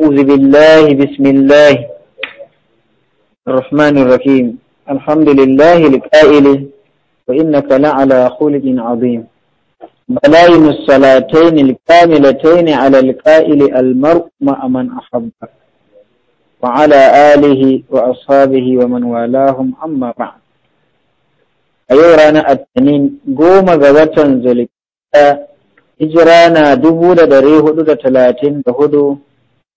أعوذ بالله بسم الله الرحمن الرحيم الحمد لله الكائل وإنك لعلى خلق عظيم بلاين الصلاتين الكاملتين على الكائل المرء مع من أحبك وعلى آله وأصحابه ومن والاهم أما بعد أيورانا التنين قوم غوطا ذلك هجرانا na دريه da تلاتين hudu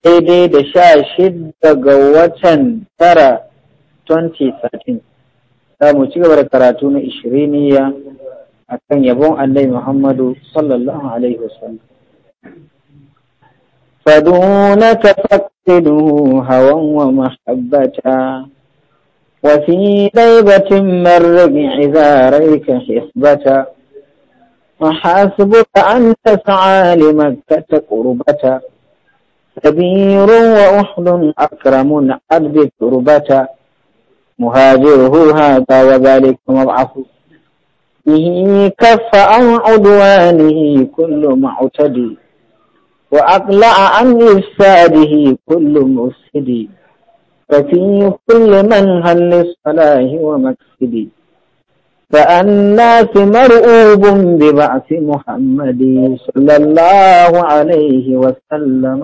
daidai da sha shidda ga watan tara 2013 za mu ci gaba da karatu na ishiriniya a kan yabon Allai muhammadu sallallahu alaihi wasallam batun فقده هوى ومحبة وفي ذيبة من ربع زاريك حسبة وحاسبك أن تسعى لمكة قربة كبير وأحل أكرم أرض التربة مهاجره هذا وذلك مضعف به كف عن عدوانه كل معتدي وأقلع عن إفساده كل مفسدي ففي كل من هل للصلاة ومكسدي فالناس مرؤوب ببعث محمد صلى الله عليه وسلم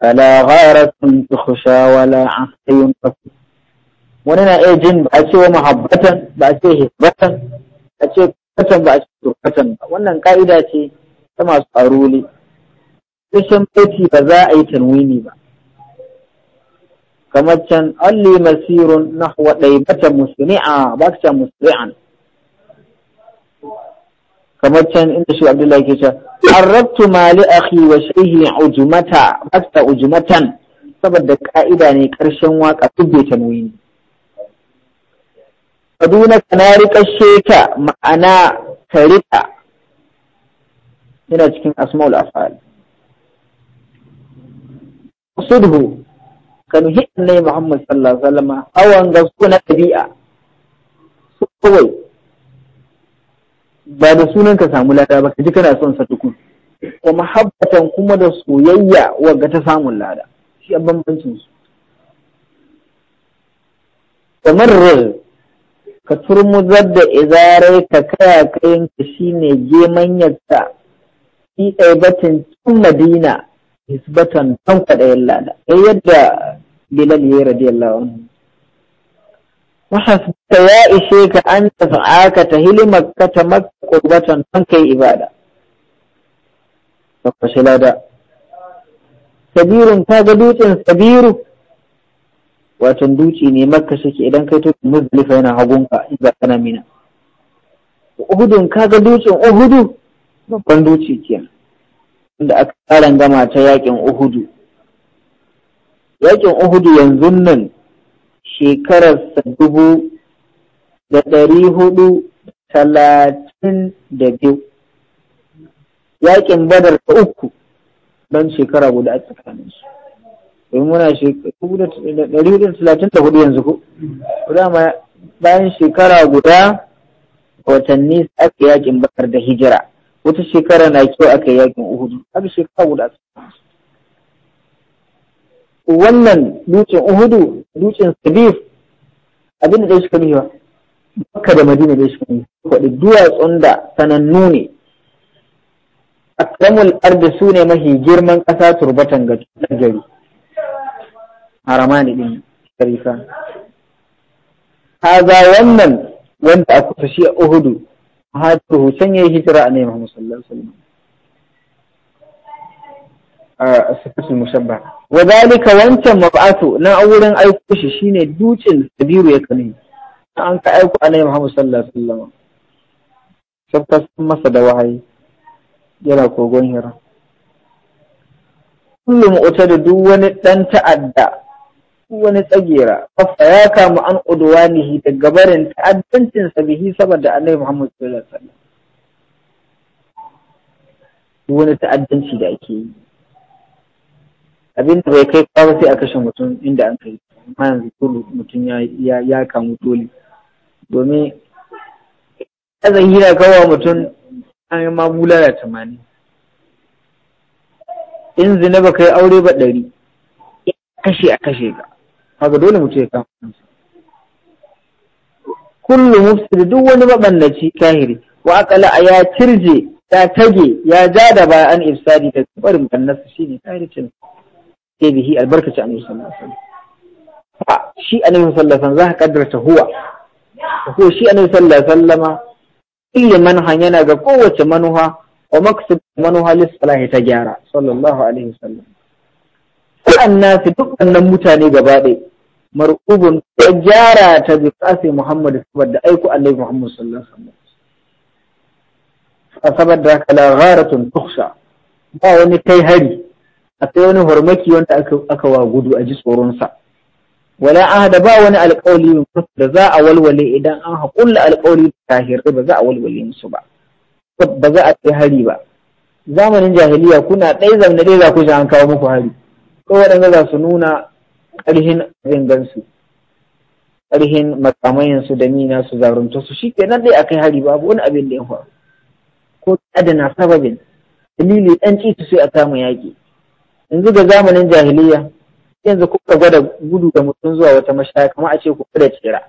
فلا غارة تخشى ولا عقل ينقصد wani na iya jin ba a ce wa mahabbatan ba a ce a ce katan ba a ce wannan ƙa'ida ce ta masu aruli duk baiti ba za a yi tanwini ba kamar can alli masirun nahwa daibata musmi'a ba ta musri'an kamar can inda shi abdullahi ke can. arrabtu mali akhi wa shayhi ujmata basta ujmatan saboda ka'ida ne karshen waka tubbe tanwini kaduna kana rika sheka ma'ana ka rika yana cikin asmaul afal usudhu kan hiɗin Muhammad sallallahu alaihi wasallam awan ga suna na ɗabi'a su kawai ba da sunan ka samu lada ba kaji kana son sa tukun wa mahabbatan kuma da soyayya wagga ta samun lada shi abban bancin su kamar ka turmuzar da izarai ka kaya kayan ka shine yadda. fi batun cin madina hisbatan don kwaɗayin lada yadda bilal ya radiyallahu anhu wahasbaka ya ishe ka an tafa'aka ta hilimaka ta maka qurbatan don kai ibada ka shi lada sabirun ta ga dutsen sabiru watan duci ne makka suke idan kai to muzdalifa yana hagunka idan kana mina uhudun ka ga dutsen uhudu babban duci kiyan inda aka karan gama ta yakin uhudu yakin uhudu yanzu nan shekararsa dubu da ɗari hudu talatin da biyu yakin badar da uku don shekara guda a su domin muna ɗari hudu talatin da hudu yanzu ko dama bayan shekara guda watanni aka yakin bakar da hijira wata shekara na kyau aka yakin uhudu aka shekara guda a tsakaninsu wannan dutsen uhudu dutsen sabif abin da suka nuhi ba makka da madina da suka nuhi kwaɗi duwatsun da sanannu ne akramul arda su ne mahi girman ƙasa turbatan ga gari harama ne ɗin haza wannan wanda aka fashi shi a uhudu a hajjar hussein ya yi hijira a neman musallar sifatul musabba wa zalika wancan mab'atu na wurin aiko shi shine ducin kabiru ya kani an ka aiko annabi Muhammad sallallahu alaihi wasallam sun masa da wahayi yana kogon hira uta da duk wani dan ta'adda wani tsagera kafa ya kama an udwanihi daga barin ta'addancin sabihi bihi saboda annabi Muhammad sallallahu alaihi wasallam wani ta'addanci da ake yi abin da bai kai kawo sai a kashe mutum inda an kai amma yanzu tulu mutum ya kamu toli domin azan hira kawo mutum an yi mabula da tamani in zina ba kai aure ba ɗari kashe a kashe ka haka dole mutum ya kama kansa kullu mufsid duk wani mabannaci kahiri wa akala ya cirje ya tage ya ja da baya, an ifsadi da kabarin kannasa shine kahircin sai bihi albarkaci annabi sallallahu alaihi wasallam shi annabi sallallahu alaihi za ka kaddarta huwa ko shi annabi sallallahu alaihi wasallama manhan yana ga kowace manuha wa maksud manuha lisalahi ta gyara sallallahu alaihi wasallam dukkanin mutane gaba ɗaya mar'ubun gyara ta bi kasi Muhammad saboda aiko Allah Muhammad sallallahu alaihi wasallam saboda gharatun tukhsha ba wani kai hari akwai wani farmaki wanda aka wa gudu a ji tsoronsa wala ahada ba wani alƙawli da za a walwale idan an haƙulla alƙawli da tahirai ba za a walwale musu ba ba za a kai hari ba zamanin jahiliya kuna ɗaya zamne ɗaya za ku an kawo muku hari ko waɗanda za su nuna ƙarhin gangansu ƙarhin makamayansu da mina su zarunta su shi ke nan dai a kai hari babu wani abin da ya faru ko adana sababin dalili ɗan ci sai a kama yaƙi yanzu ga zamanin jahiliya yanzu kuka gwada gudu da mutum zuwa wata mashaya kamar a ce ku da tsira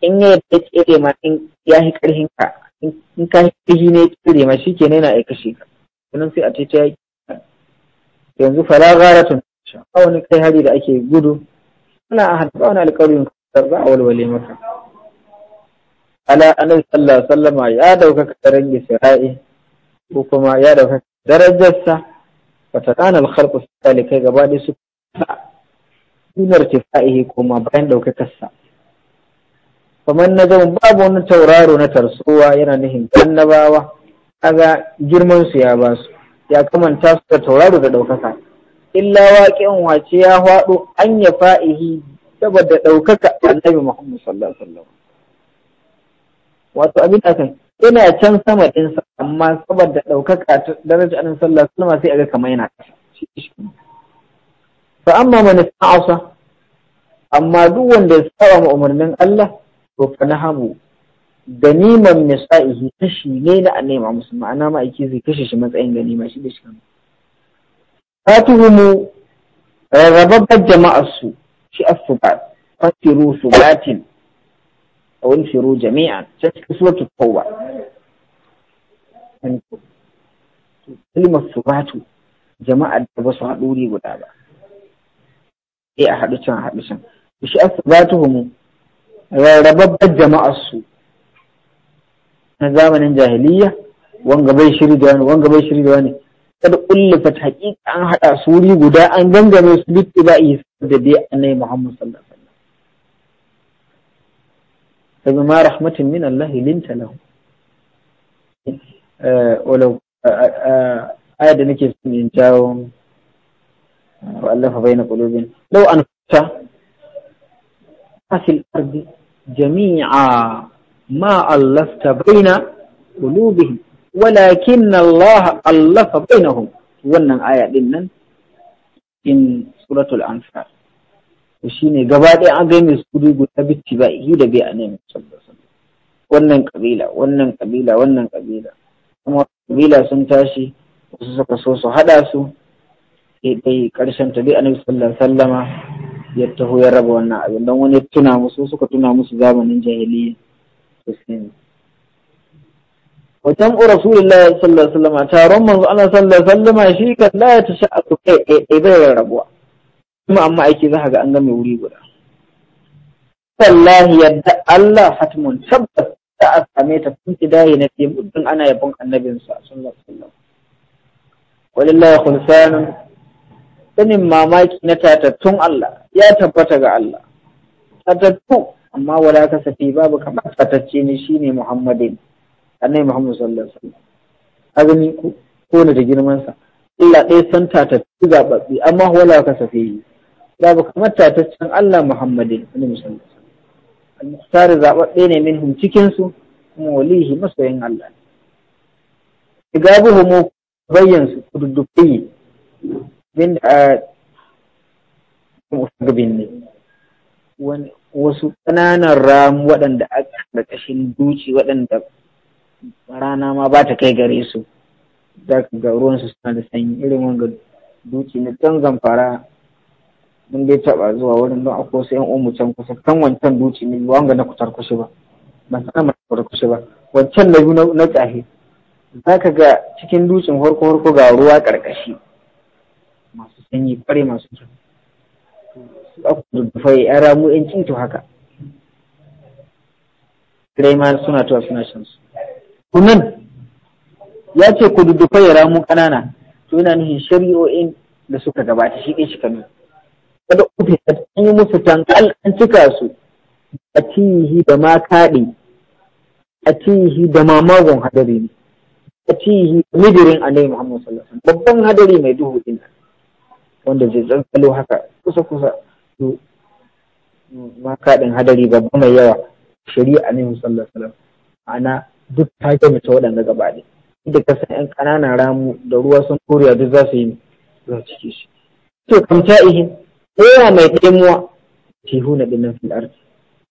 in ya yadda tsere ma in ya yi karhin ka in ka yi ne tsere ma shi ke yana aika shi ka sunan sai a ce ta yi. yanzu fara gara tun a wani kai hari da ake gudu ana a hadda wani alƙawarin kasar za a walwale maka ala annabi Sallah ya ɗaukaka daren isra'i ko kuma ya ɗaukaka darajarsa alkhalqu الخلق الثاني كي غبادي سكتا ce ارتفاعه kuma bayan daukakar sa. Kamar na zama babu wani tauraro na tarsowa yana nihin annabawa kaga girman su ya ba su ya kamanta su da tauraro da ɗaukaka illa waƙin wace ya faɗo? an ya fa'ihi saboda ɗaukaka annabi muhammad sallallahu alaihi wasallam wato abin akan ina can sama ɗinsa amma saboda ɗaukaka ta daraja annabi sallallahu alaihi wasallam sai aga kamar yana fa amma man ta'asa amma duk wanda ya saba ma umarnin Allah to fa nahabu ganiman nisa'ihi kashi ne na annabi musu ma'ana aiki zai kashe shi matsayin ganima shi da shi kan fatuhumu rarrababbar jama'ar su shi as-subat fasiru subatin انفروا جميعا شايف كسوة تتطوع كلمة صباته جماعة بس عدوري ودابا ايه احد اتشان احد اتشان وش اثباتهم ربب الجماعة السوء نظاما جاهلية وانغ بيشري دواني وانغ بيشري دواني قد قل فتحقيق عن إيه هذا سوري وداء عن جنجم يسلط بائي سبب دي أني محمد صلى الله عليه وسلم fa bima rahmatin min Allah linta lahu eh, walau aya da nake son in jawo wa baina qulubin law an fa asil ardi jami'a ma allafta baina qulubihim walakin Allah allafa bainahum wannan aya ɗinnan in suratul anfal to ne gaba ɗaya an gai su kudi guda bitti ba yi da bai a ne wannan kabila wannan kabila wannan kabila kuma kabila sun tashi wasu suka so su haɗa su sai dai karshen ta dai annabi sallallahu sallama ya taho ya raba wannan abin don wani tuna musu suka tuna musu zamanin jahiliya wajen rasulullah sallallahu sallar sallama, taron manzo ana sallallahu sallama shi kan la ya tashi a kai kai bai rabuwa kuma amma aiki za ga an ga mai wuri guda Sallahi yadda Allah hatimun tabbas ta a same ta kun kidaye na fi muddin ana yabon annabinsa sallallahu alaihi wasallam ya khulsanun sanin mamaki na tatattun Allah ya tabbata ga Allah. Tatattu amma wala kasafi babu kamar tatacce ne shi ne Muhammadin annai Muhammad sallallahu alaihi wasallam. Azumi ko da girman sa. Allah ɗaya san tatattu zaɓaɓɓe amma wala kasafi da ba kamar tataccen Allah Muhammadin wani musulmi al-mukhtar zaɓaɓɓe ne minhum cikin su kuma walihi masoyin Allah ne gabuhu mu bayyan su kududdufi bin a musagabin ne wasu ƙananan ramu waɗanda a ƙashin duci waɗanda rana ma ba ta kai gare su za ga ruwansu suna da sanyi irin wanga duci na can zamfara mun dai taba zuwa wurin don akwai wasu yan umu can kusa kan wancan duci ne wanga na kutar kushe ba ba san mai kutar kushe ba wancan na biyu na tsahe za ka ga cikin ducin horko horko ga ruwa karkashi masu sanyi kware masu kyau su aku duddufai yan ramu yan cinto haka kirai suna tuwa suna shan su kunan ya ce ku ya ramu ƙanana to yana nufin shari'o'in da suka gabata shi ɗin shi kanu kada ubi a yi musu tankal an cika su a cihi da ma kaɗe a cihi da mamagon hadari ne a cihi da midirin annabi Muhammad sallallahu alaihi babban hadari mai duhu din wanda zai tsantsalo haka kusa kusa to ma kaɗin hadari babba mai yawa shari'a ne sallallahu alaihi ana duk ta ta waɗanda gaba ne inda ka san 'yan ƙananan ramu da ruwa sun koriya duk za su yi za su cike shi to kamta ihin هو ما يتموى تيهون بنا في الأرض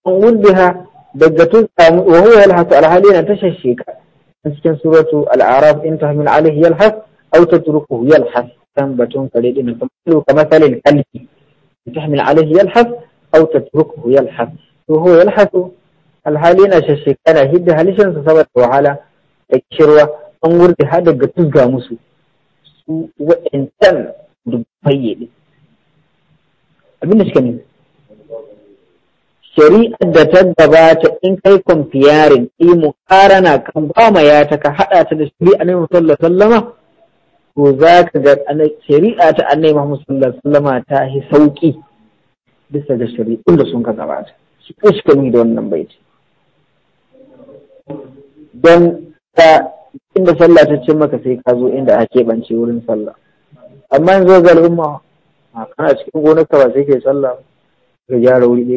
أقول بها وهو يلحس على حالين انتشى الشيكة نسكن سورة العراب انتهى من عليه يلحس أو تتركه يلحس تنبتون قليلين كمثال الكلب تحمل عليه يلحس أو تتركه يلحس وهو يلحس على حالين اشى الشيكة لا هدها لشان سصبت وعلا الشروة abinda suka nemi shari'ar da ta gabata in kai kwamfiyarin yi na kan gwama ya ta ka haɗa ta da shari'a na Muhammadu sallama to za ka ga shari'a ta annai Muhammadu sallama ta yi sauƙi bisa ga shari'un da sun ka gabata su ko suka da wannan baiti don ka inda sallah ta cin maka sai ka zo inda ake bance wurin sallah amma yanzu ga ma. kana cikin gonarka ba sai kai sallah ka gyara wuri ne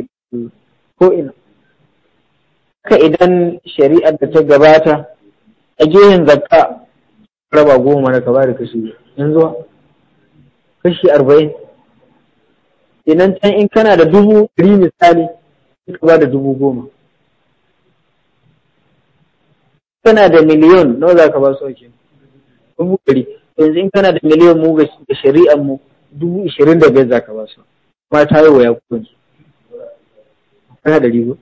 ko ina haka idan shari'ar da ta gabata a gehen zakka raba goma na kaba da kashi in zuwa kashi arba'in idan can in kana da dubu ɗari misali ka ba da dubu goma kana da miliyon nawa za ka ba su ake dubu ɗari yanzu in kana da miliyon mu ga shari'ar mu dubu ishirin da biyar za ka ba su ta yi waya ya kuɗin su kana da riba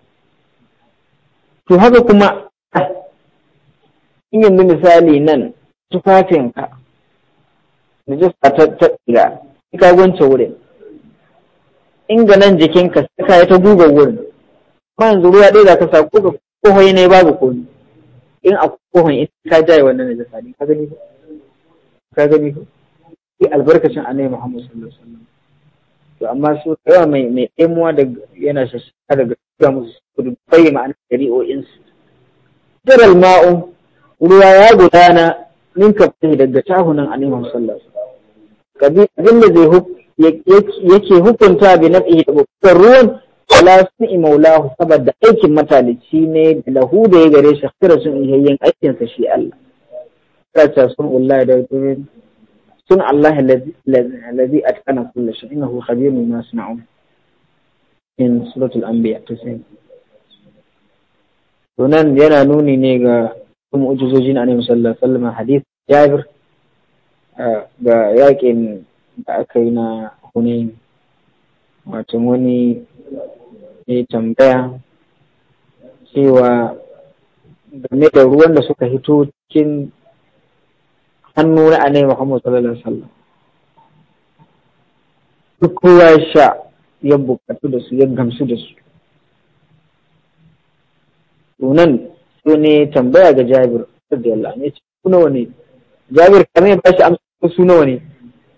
to haka kuma in yanzu misali nan tufafinka da jisa ta tsira in ka gwance wurin in ga nan jikinka saka ya ta guga wurin ba yanzu ruwa ɗaya za ka sa ko ga kohon ne babu komi in a kohon ita ka jaye wannan najasa ne ka gani ka gani ko sai albarkacin annabi Muhammad sallallahu alaihi wasallam to amma su yawa mai mai ɗemuwa da yana shashaka daga ga musu kudu bai ma'ana in su jiral ma'u ruwa ya gudana min kafin daga tahunan annabi Muhammad sallallahu alaihi wasallam kabi abin da zai yake hukunta bi nafsihi da bukatar ruwan wala sun'i maulahu saboda aikin matalici ne da lahu da ya gare shi kira sun yi aikinsa shi Allah. Kira sun ulla da Sun Allah lazi a tsana kulle shi ina hu khabirun ma suna'un in suratul anbiya ta sai to nan yana nuni ne ga kuma ujuzoji na annabi sallallahu alaihi wasallam hadith Jabir ga yakin da aka yi na Hunayn wato wani ya tambaya cewa game da ruwan da suka hito cikin hannu na nai Muhammad sallallahu alaihi wasallam duk kowa ya sha ya bukatu da su ya gamsu da su sunan su ne tambaya ga Jabir radiyallahu anhu ce ku nawa ne Jabir kamar ya bashi amsa ko su nawa ne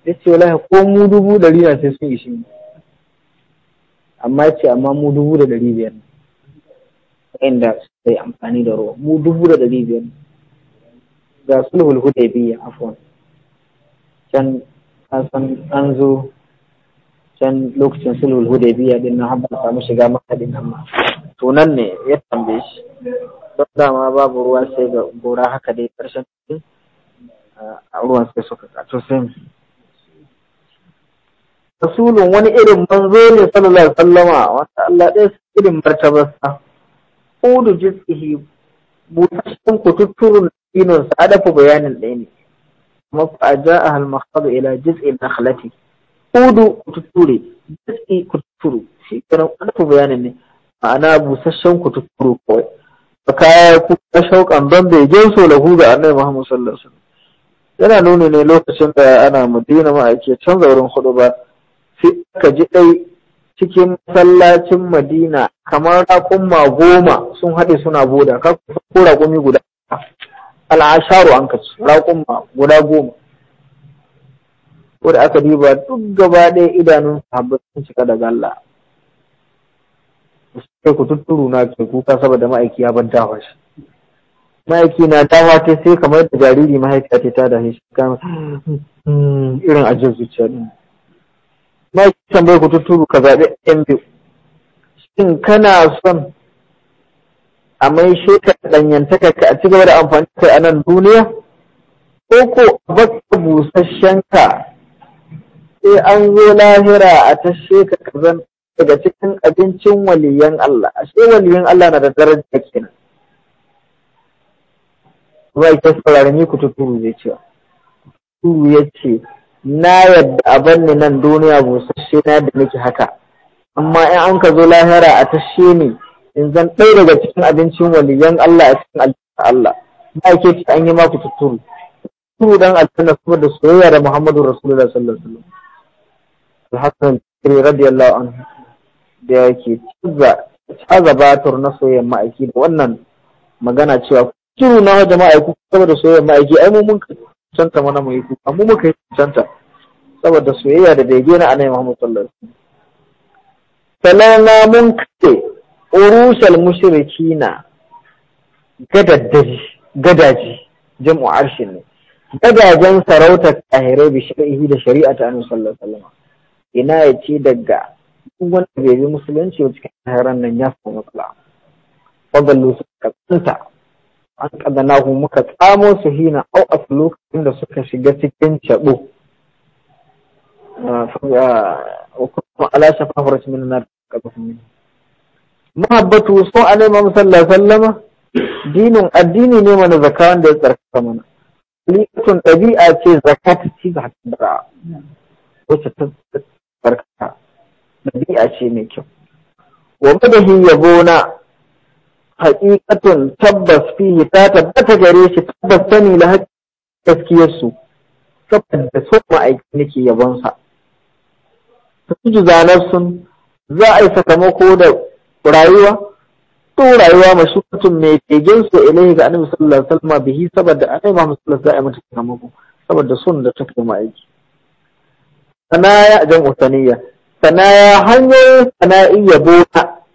yace wallahi ko mu dubu dari na sai sun ishi amma ya ce amma mu dubu da dari biyar inda sai amfani da ruwa mu dubu da dari biyar ga sulhul hudaybiya afwan can san an zo can lokacin sulhul hudaybiya din na haɓa samu shiga maka din amma to nan ne ya tambaye shi don dama babu ruwa sai ga gora haka dai ƙarshen a ruwan sai suka kato sai rasulun wani irin manzo ne sallallahu alaihi wasallama Allah ɗaya irin martabarsa ko da jizkihi butashin kututturun a sadafu bayanin ɗaya ne mafa ja'a al-makhadu ila na nakhlati udu kututture. jiz'i kututuru shi kenan sadafu bayanin ne ma'ana busasshen kututuru kawai fa kaya ku shauƙan ban bai so lahu ga annabi Muhammad sallallahu alaihi yana nuni ne lokacin da ana madina ma ake canza wurin hudu ba sai aka ji ɗai cikin masallacin madina kamar raƙumma goma sun haɗe suna boda ka ko raƙumi guda al'asharu an raƙun raƙumma guda goma wadda aka diba duk gaba ɗaya idanun sahabbai sun cika daga Allah sai ku tutturu na ke kuka saboda ma'aiki ya ban dawa shi ma'aiki na dawa ta sai kamar da jariri mahaifiya ta tada shi kan hmm, irin ajiyar zuciya din ma'aiki tambayar ku tutturu ka zaɓi ɗan biyu shin kana son a mai sheka ɗanyantaka ka a ci gaba da amfani kai a nan duniya ko ko baka busasshen ka sai an zo lahira a ta sheka ka zan daga cikin abincin waliyan Allah A ashe waliyan Allah na da daraja kenan zai ita saurari ni ku tuturu zai ce. tuturu ya ce na yadda a banne nan duniya busasshe na da nake haka amma in an ka zo lahira a tashe ni in zan ɗaya daga cikin abincin waliyan Allah a cikin aljanna Allah ba ke ci an yi maku tuturu tuturu dan aljanna kuma da soyayya da Muhammadu Rasulullah sallallahu alaihi wasallam Al-Hassan Tikri radiyallahu anhu da yake cizza caza batur na soyayyan ma'aiki da wannan magana cewa kiru na wajen ma'aiki saboda soyayyan ma'aiki ai mu mun cancanta mana mu yi kuka mu muka yi cancanta saboda soyayya da bege na annabi Muhammadu sallallahu alaihi wasallam salama mun kace urusal mushrikina gadaddaji gadaji jam'u arshin ne gadajen sarautar kahirai bi shari'i da shari'a ta annabi sallallahu alaihi wasallam ina yace daga duk wanda bai musulunci ba cikin kahiran nan ya samu matsala fadallu ka tsanta an kadanahu muka tsamo su hina au a lokacin da suka shiga cikin cabo ah, ah, kuma ala shafa horace min na kaza min mahabbatu so a nema musalla sallama dinin addini ne mana zaka wanda ya tsarkaka mana likatun ɗabi'a ce zaka ta ci ga hakara wacce ta tsarkaka ɗabi'a ce mai kyau wa madahi yabo na haƙiƙatun tabbas fihi ta tabbata gare shi tabbas sani la su saboda so ma'aikata nake yabonsa. Su ji zanar sun za a yi sakamako da rayuwa to rayuwa mashuratun mai kegen su ilaihi ga annabi sallallahu alaihi wasallam bihi saboda annabi Muhammad sallallahu alaihi wasallam ta mako saboda sun da take ma aiki sanaya jam'u ya sanaya hanyoyin sana'in yabo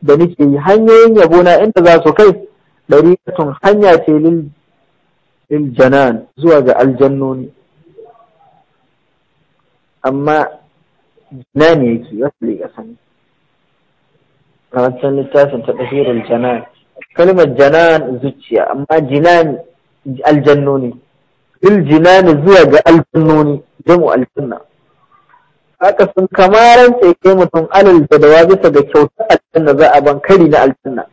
da nake yi hanyoyin yabo na inda za su kai dariqatun hanya ce lil lil janan zuwa ga aljannoni amma jinani yake wasu ga sani a wancan littafin ta ɗahirul janan kalmar janan zuciya amma jinan aljannoni il jinan zuwa ga aljannoni jamu aljanna haka sun kamaran tsaye mutum alal da bisa ga kyautar aljanna za a ban kari na aljanna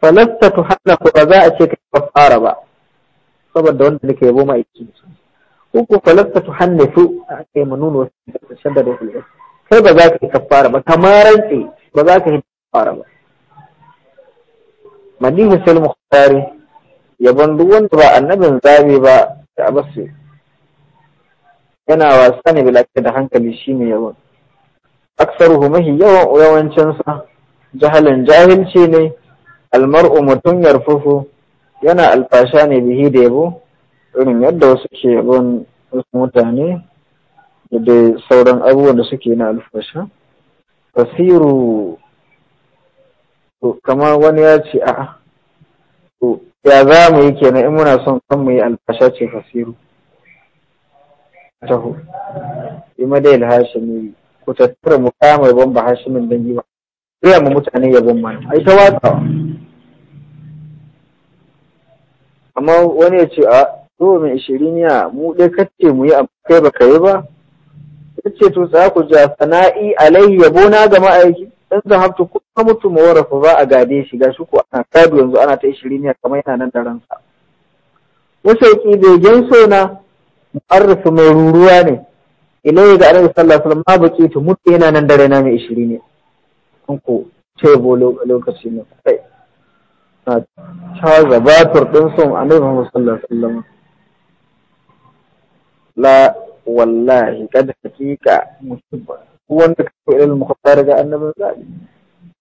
falasta tu hana ku ba za a ce ka fara ba saboda wanda nake yabo ma'aikin su uku falasta tu hana su a kai mu nuna wasu da shan da dai kai ba za ka yi kafara ba kamaran tsaye ba za ka yi araba madihu sai muhtari yabon duk wanda ba annabin zabe ba da abasu yana wasa ne bilaka da hankali shine yabon aksaruhu mahi yawan yawancinsa jahalin jahilci ne almar'u mutum yarfufu yana alfasha ne bihi da yabo irin yadda wasu ke yabon wasu mutane da sauran abubuwan da suke na alfasha fasiru to kamar wani ya ce a to ya za mu yi kenan in muna son kan mu yi albasha ce fasiru taho yi madayil hashimi ku tattara mu kama mai ba hashimin don yi ba riya mu mutane yabon mana ai ta watsawa amma wani ya ce a to mai ya? mu dai kacce mu yi kai ba yi ba ya ce to za ku ja sana'i alaihi yabo na ga ma'aiki in zahabtu ko ka mutu mawarafa za a gade shi ga shi ko ana kadu yanzu ana ta ishiriniya kamar yana nan da ransa wasauki begen so na mu'arrafu mai ruruwa ne ilai ga annabi sallallahu alaihi wasallam ma baki ta mutu yana nan da na mai ne kun ko ce bo lokaci ne kai na ta zabatur din son annabi sallallahu alaihi wasallam la wallahi kada hakika musibba wanda ka ilmu ka fara ga annabin zaɓi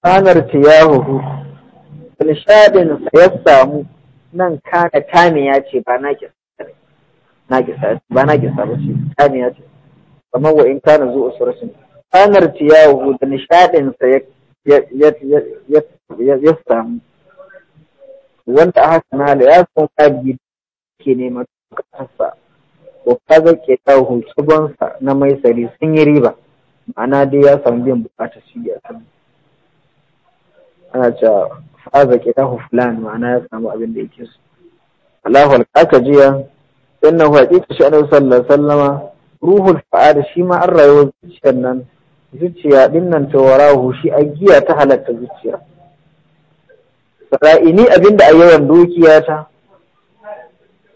sanar ta yahuhu ilshadin sa ya samu nan kana tamiya ce ba na ki ba na ki ba ce tamiya ce kamar wa in kana zuwa surasin sanar ta yahuhu da nishadin sa ya samu wanda a haka na ya san kabi ke neman kasa. ko kaga ke ɗau tsubonsa na mai sari sun yi riba Ma'ana dai ya samu biyan bukatar shi a ana cewa faza ta hufulan ma'ana ya samu abin da yake so Allahu alƙaƙa jiya innahu haqiqa shi annabi sallar sallama ruhun ruhul fa'ad shi ma an rayuwar zuciyar nan zuciya din nan ta wara shi a giya ta halatta zuciya sara'ini abin da a yawan dukiya ta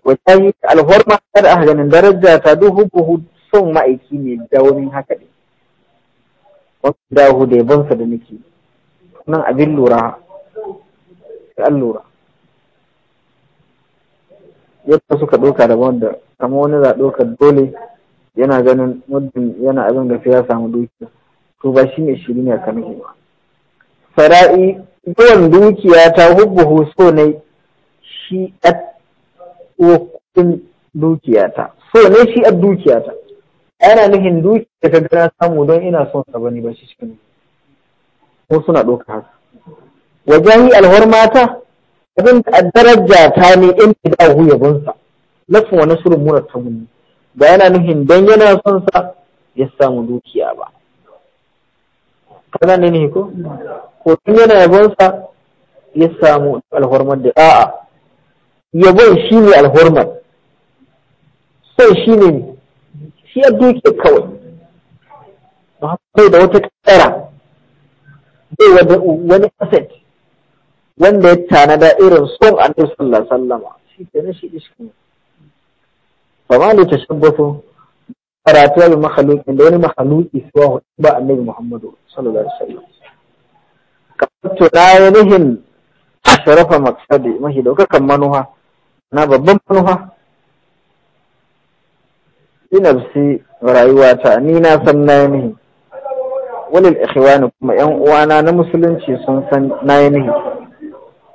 wata yi alhorma kada a ganin daraja ta duhu buhu son ma'aiki ne da wani haka ne dahu da ya sa da nake nan abin lura sai an lura yadda suka ɗauka da wanda kama wani za ɗauka dole yana ganin muddin yana abin da sai ya samu dukiya to ba shi ne shiri ne a kan ba fara'i yawan dukiya ta hubbuhu so ne shi a dukiya ta so ne shi dukiya ta ana nufin duki da ka gana samu don ina son sa bane ba shi cikin ko suna ɗauka haka wajahi mata abin da daraja ta ne in da hu yabonsa lafin wani surun murar ta gunni ba yana nufin don yana son sa ya samu dukiya ba kana ne ne ko ko tun yana yabonsa ya samu alhormar da a'a yabon shi ne alhormar sai shi ne shi ya duke kawai ba bai da wata kara bai wani asset wanda ya tanada irin son annabi sallallahu sallama shi ke shi ishi ba ma ne ta shabbatu bi mahaluki da wani mahaluki suwa ba annabi muhammadu sallallahu alaihi wasallam kamar tunayen nihin sharafa maksadi mahi daukakan manuha na babban manuha bi nafsi rayuwata ni na san na yi walil ikhwani kuma yan uwana na musulunci sun san na yi nihi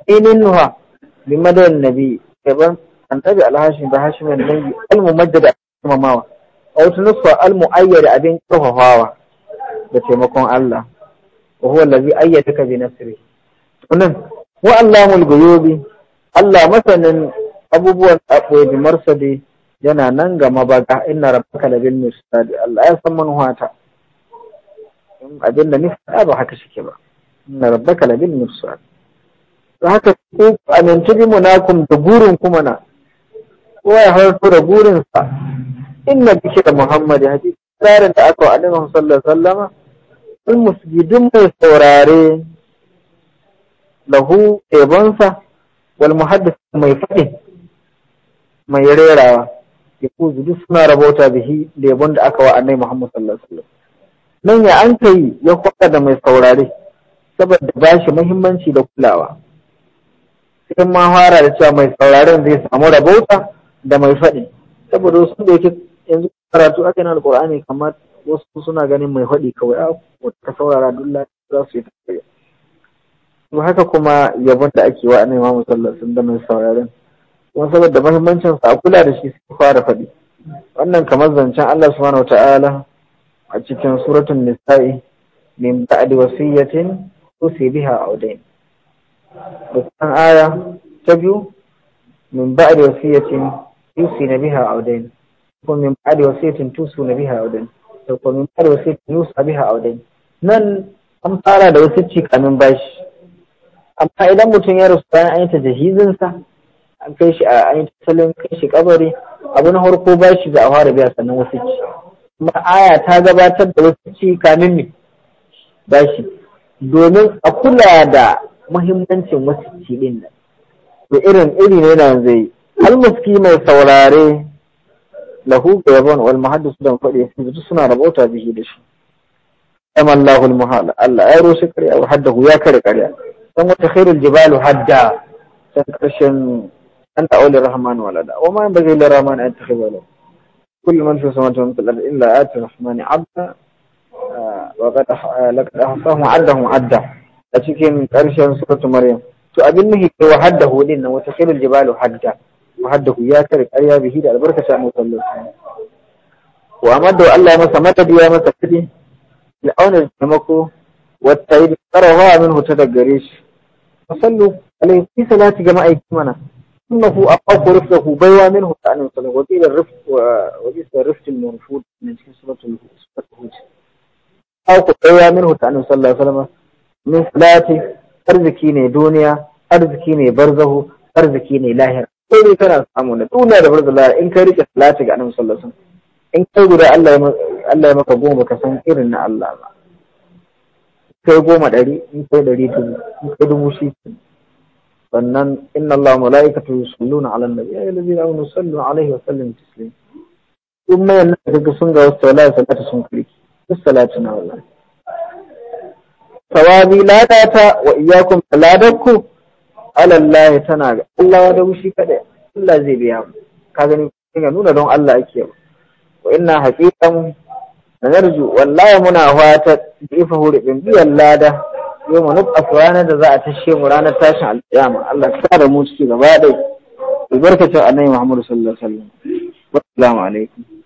inin nuha bi madan nabi gaban an tabi alhashin da hashimin nabi almumaddada mamawa a wata nufa almuayyada abin karfafawa da taimakon Allah wa huwa allazi ayyadaka bi nasri sunan wa allamul ghuyubi Allah masanin abubuwan aboye bi marsadi yana nan ga mabaga inna rabbaka la bil mustadi Allah ya san ta. in abin da nisa ba haka shike ba inna rabbaka la bil mustadi haka ku amintu bi munakum da burin kuma na ko ya harfu da burin sa inna bishi da muhammadi hadisi tsarin da aka wa annabi sallallahu alaihi wasallama in musjidin mai saurare lahu ebonsa wal muhaddis mai fadi mai rerawa ya kuzu duk suna rabauta bihi lebon da aka wa annai Muhammad sallallahu alaihi wasallam nan ya an kai ya kwada da mai saurare saboda ba shi muhimmanci da kulawa sai ma fara da cewa mai sauraren zai samu rabota da mai faɗi saboda wasu da yake yanzu karatu aka na alƙur'ani kamar wasu suna ganin mai faɗi kawai a ah, ka saurara dulla za su yi tafiya to haka kuma yabon da ake wa annai Muhammad sallallahu alaihi wasallam da mai sauraren kuma saboda mahimmancin sa kula da shi suka fara faɗi wannan kamar zancen Allah subhanahu wata'ala a cikin suratul nisa'i min ba'di wasiyatin usi biha audain dukkan aya ta biyu min ba'di wasiyatin usi na biha audain ko min ba'di wasiyatin tusu na biha audain ko min ba'di wasiyatin usi biha audain nan an fara da wasicci kamin bashi amma idan mutum ya rasu bayan an yi ta jahizinsa an kai shi a an salon kai shi kabari abu na farko ba shi za a fara biya sannan wasu ci kuma aya ta gabatar da wasu ci kamin ne ba shi domin a kula da muhimmancin wasu ci din nan da irin iri ne nan zai almuski mai saurare lahu ga yabon wal su dan faɗi yanzu suna rabota bihi da shi amma lahul muhala Allah ya rushe karya wa haddahu ya kare karya dan wata khairul jibalu hadda san karshen أنت أولي الرحمن ولدا وما ينبغي للرحمن أن يتخذ له كل من في سماتهم في الأرض إلا آت الرحمن عبدا آه، وقد آه، لقد أحصاهم عدهم عدا لكن كارشيا من سورة مريم تؤمنه وحده لنا وتخيل الجبال حجا وحده يا كرك أريا به على بركة شأن وصلوا وأمده ألا مسا متى بيا مسا كده لأون الجمكو والتعيد ترغى منه تدقريش وصلوا عليه في صلاة جماعة جمانة إنه أقف رفته بيوى منه كأنه صلى وقيل الرفت وقيل الرفت المنفوذ من سورة الهود أقف بيوى منه كأنه صلى الله عليه وسلم من صلاته arziki ne duniya arziki ne barzahu arziki ne lahira sai dai kana samu na duniya da barzahu in kai rike salati ga annabi sallallahu in kai guda Allah ya maka goma ka san irin na Allah ba kai goma ɗari in kai ɗari dubu in kai dubu shi sannan inna Allah mala'ikatu yusalluna 'alan nabi ya ayyuhallazina amanu sallu 'alaihi wa sallimu taslima in mai nan daga sun ga wasu wallahi salatu sun kuri duk salatu na wallahi tawabi ladata wa iyyakum ladakku alallahi tana ga Allah da wushi kada Allah zai biya mu ka gani kinga nuna don Allah ake ba wa inna haqiqan na narju wallahi muna fata bi fa hurubin bi lada yau mu nuka ranar da za a tashe mu ranar tashin alƙiyama Allah ta da mu ciki gaba ɗaya albarkacin annabi Muhammadu sallallahu alaihi wasallam assalamu alaikum